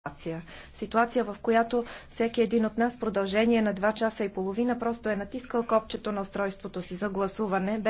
ситуация. Ситуация, в която всеки един от нас в продължение на 2 часа и половина просто е натискал копчето на устройството си за гласуване, без